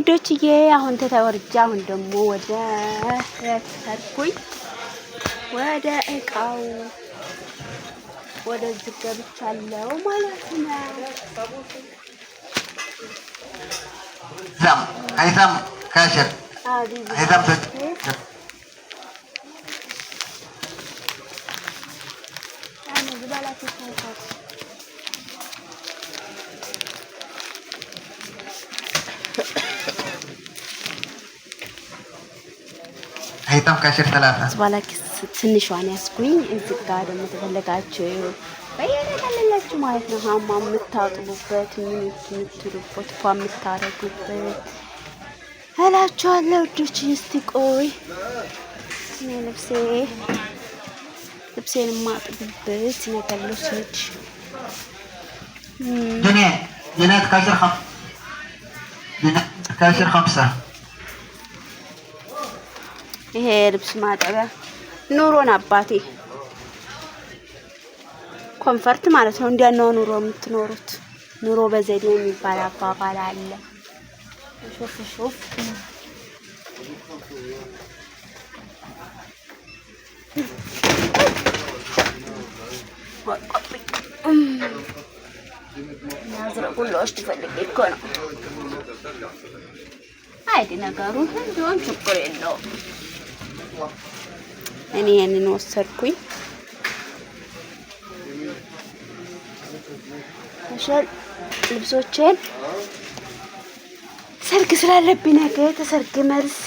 ውዶችዬ አሁን ተተወርጃ አሁን ደግሞ ወደ ተርኩኝ ወደ እቃው ወደ ዝገብቻለሁ ማለት ነው። ሂሳም ሂሳም ካሽር ሂሳም አይታም ካሽር ተላታ ባላክስ ትንሿን ያስኩኝ እዚህ ጋር ደግሞ ተፈለጋችሁ በየተፈለጋችሁ ማለት ነው። ሀማ የምታጥቡበት ምን የምትሉበት ፏ የምታረጉበት እላችኋለሁ ውዶች። እስቲ ቆይ እኔ ልብሴ ልብሴን የማጥብበት ነገር ልውሰድ። ጀነት ካሽር ካሽር ከምሳ ይሄ ልብስ ማጠቢያ ኑሮን አባቴ ኮንፈርት ማለት ነው። እንዲያ ነው ኑሮ የምትኖሩት። ኑሮ በዘዴ የሚባል አባባል አለ። ሹፍ ሹፍ ያዝረቁላዎች ትፈልግ እኮ ነው አይዲ ነገሩ እንዲሆን ችግር የለውም። እኔ ያንን ወሰድኩኝ። ልብሶችን ሰርግ ስላለብኝ ነገ ተሰርግ መልስ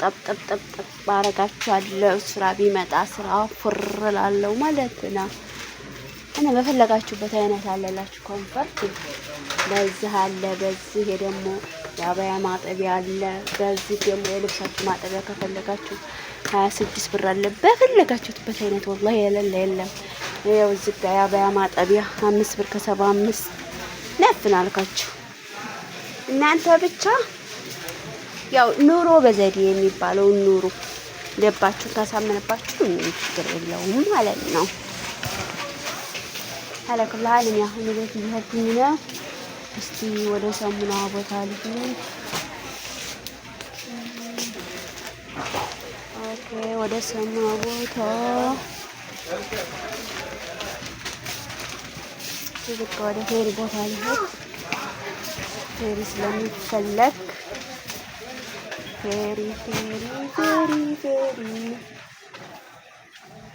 ጠብጠብጠብጠብ ባረጋችኋለሁ። ስራ ቢመጣ ስራ ፉር ላለው ማለት ነው እና በፈለጋችሁበት አይነት አለላችሁ ኮንፈርት በዚህ አለ በዚህ ደግሞ የአበያ ማጠቢያ አለ። በዚህ ደግሞ የልብሳችሁ ማጠቢያ ከፈለጋችሁ ሀያ ስድስት ብር አለ። በፈለጋችሁትበት አይነት ወላሂ የለለ የለም። ያው እዚህ ጋ የአበያ ማጠቢያ አምስት ብር ከሰባ አምስት ነፍን አልካችሁ እናንተ ብቻ ያው ኑሮ በዘዴ የሚባለው ኑሮ ልባችሁን ካሳመነባችሁ ምንም ችግር የለውም ማለት ነው። አለም ያሁን ቤት ይሄድኩኝ ነው። እስቲ ወደ ሳሙና ቦታ ልጅ ወደ ሳሙና ቦታ ትልቅ ወደ ፌሪ ቦታ ልሂድ። ፌሪ ስለሚፈለግ ፌሪ ፌሪ ፌሪ ፌሪ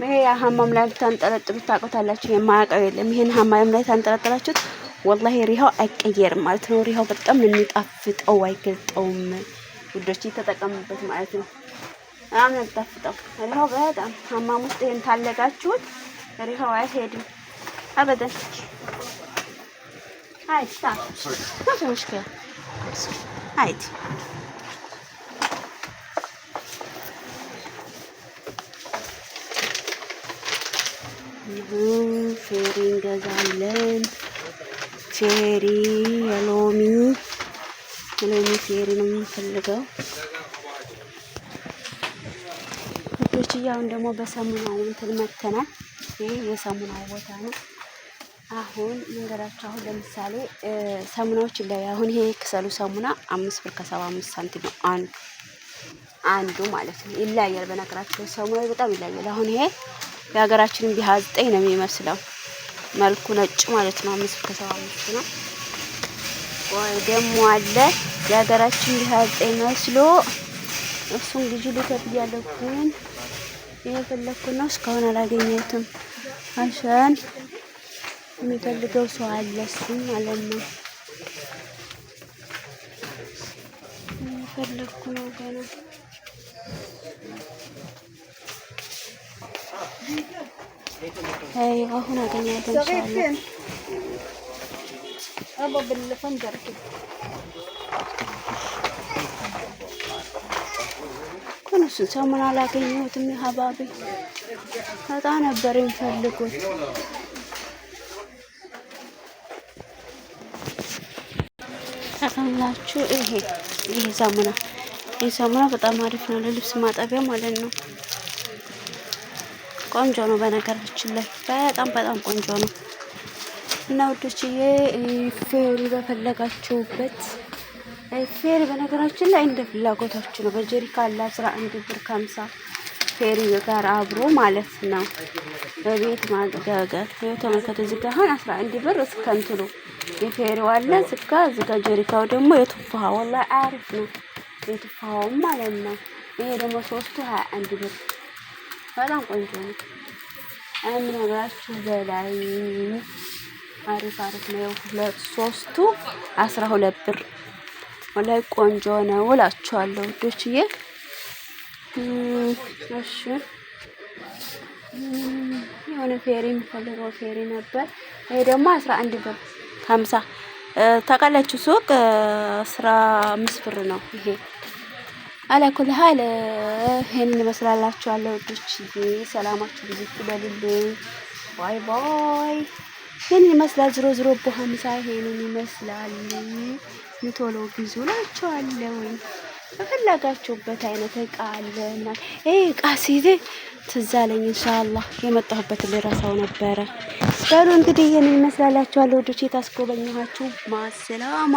ይሄ ሀማም ላይ ብታንጠለጥሉት ታውቁታላችሁ። የማያውቀው የለም። ይሄን ሀማም ላይ ታንጠለጥላችሁት ወላሂ ሪሃው አይቀየርም ማለት ነው። ሪሃው በጣም ነው የሚጣፍጠው፣ አይገልጠውም። ውዶች ተጠቀሙበት ማለት ነው። በጣም ነው የሚጣፍጠው ሪሃው በጣም ሀማም ውስጥ ይሄን ታለጋችሁት ሪሃው አይሄድም አበደን። አይታ ሙሽኪል አይት ፍሬ እንገዛለን ፌሪ የሎሚ የሎሚ ፌሪ ነው የምንፈልገው። ውዶች አሁን ደግሞ በሰሙናው እንትን መተናል። ይሄ የሰሙናው ቦታ ነው። አሁን መንገዳቸው አሁን ለምሳሌ ሰሙናዎች ላይ አሁን ይሄ ክሰሉ ሰሙና አምስት ብር ከሰባ አምስት ሳንቲም ነው አንዱ አንዱ ማለት ነው። ይለያያል። በነገራቸው ሰሙናዊ በጣም ይለያያል። አሁን ይሄ የሀገራችንን ቢሃ ዘጠኝ ነው የሚመስለው መልኩ ነጭ ማለት ነው። አምስት ከሰባ አምስት ነው። ወይ ደግሞ አለ የሀገራችን ሊሀጤ መስሎ እሱን ልጁ ልከት እያለኩን የፈለግኩ ነው። እስካሁን አላገኘትም። አሸን የሚፈልገው ሰው አለ እሱም ማለት ነው። የፈለግኩ ነው ገና አሁን አገኛለሁ ግን እሱን ሰሞኑን አላገኘሁትም። ሀባቢ በጣም ነበር የሚፈልጉት። ጠቀምላችሁ ይሄ ይሄ ሳሙና ይሄ ሳሙና በጣም አሪፍ ነው ለልብስ ማጠቢያ ማለት ነው። ቆንጆ ነው። በነገራችን ላይ በጣም በጣም ቆንጆ ነው እና ውዶችዬ ፌሪ በፈለጋችሁበት ፌሪ በነገራችን ላይ እንደ ፍላጎታችሁ ነው። በጀሪካ አለ 11 ብር ከሀምሳ ፌሪ ጋር አብሮ ማለት ነው። በቤት ማዘጋገር ነው። ተመልከቱ እዚህ ጋር አሁን ብር እስከ እንትኑ የፌሪው አለ እዚህ ጋር እዚህ ጋር ጀሪካው ደግሞ የቱፋሃው ወላሂ አሪፍ ነው። የቱፋሃውም ማለት ነው። ይሄ ደግሞ ሶስቱ 21 ብር በጣም ቆንጆ ነው። እምነግራችሁ በላይ አሪፍ አሪፍ ነው። ሁለት ሶስቱ አስራ ሁለት ብር ወላይ ቆንጆ ነው እላችኋለሁ ውዶችዬ። እሺ የሆነ ፌሪ የሚፈልገው ፌሪ ነበር። ይሄ ደግሞ አስራ አንድ ብር ሀምሳ ተቀለችው ሱቅ አስራ አምስት ብር ነው ይሄ አላኩልሃል ይህንን ይመስላላችኋለሁ። ውዶች ሰላማችሁ ብዙ ይበልልኝ። ባይ ባይ። ይህንን ይመስላል። ዝሮ ዝሮ በሀምሳ ይሄንን ይመስላል። ቶሎ ግዙ ናቸዋለሁ። በፈለጋችሁበት አይነት እቃ አለ ምናምን። ይሄ እቃ ሲዜ ትዝ አለኝ። ኢንሻአላህ የመጣሁበትን ልረሳው ነበረ። በሉ እንግዲህ ይህንን ይመስላላችኋለሁ። ውዶች የታስጎበኘኋችሁ ማሰላማ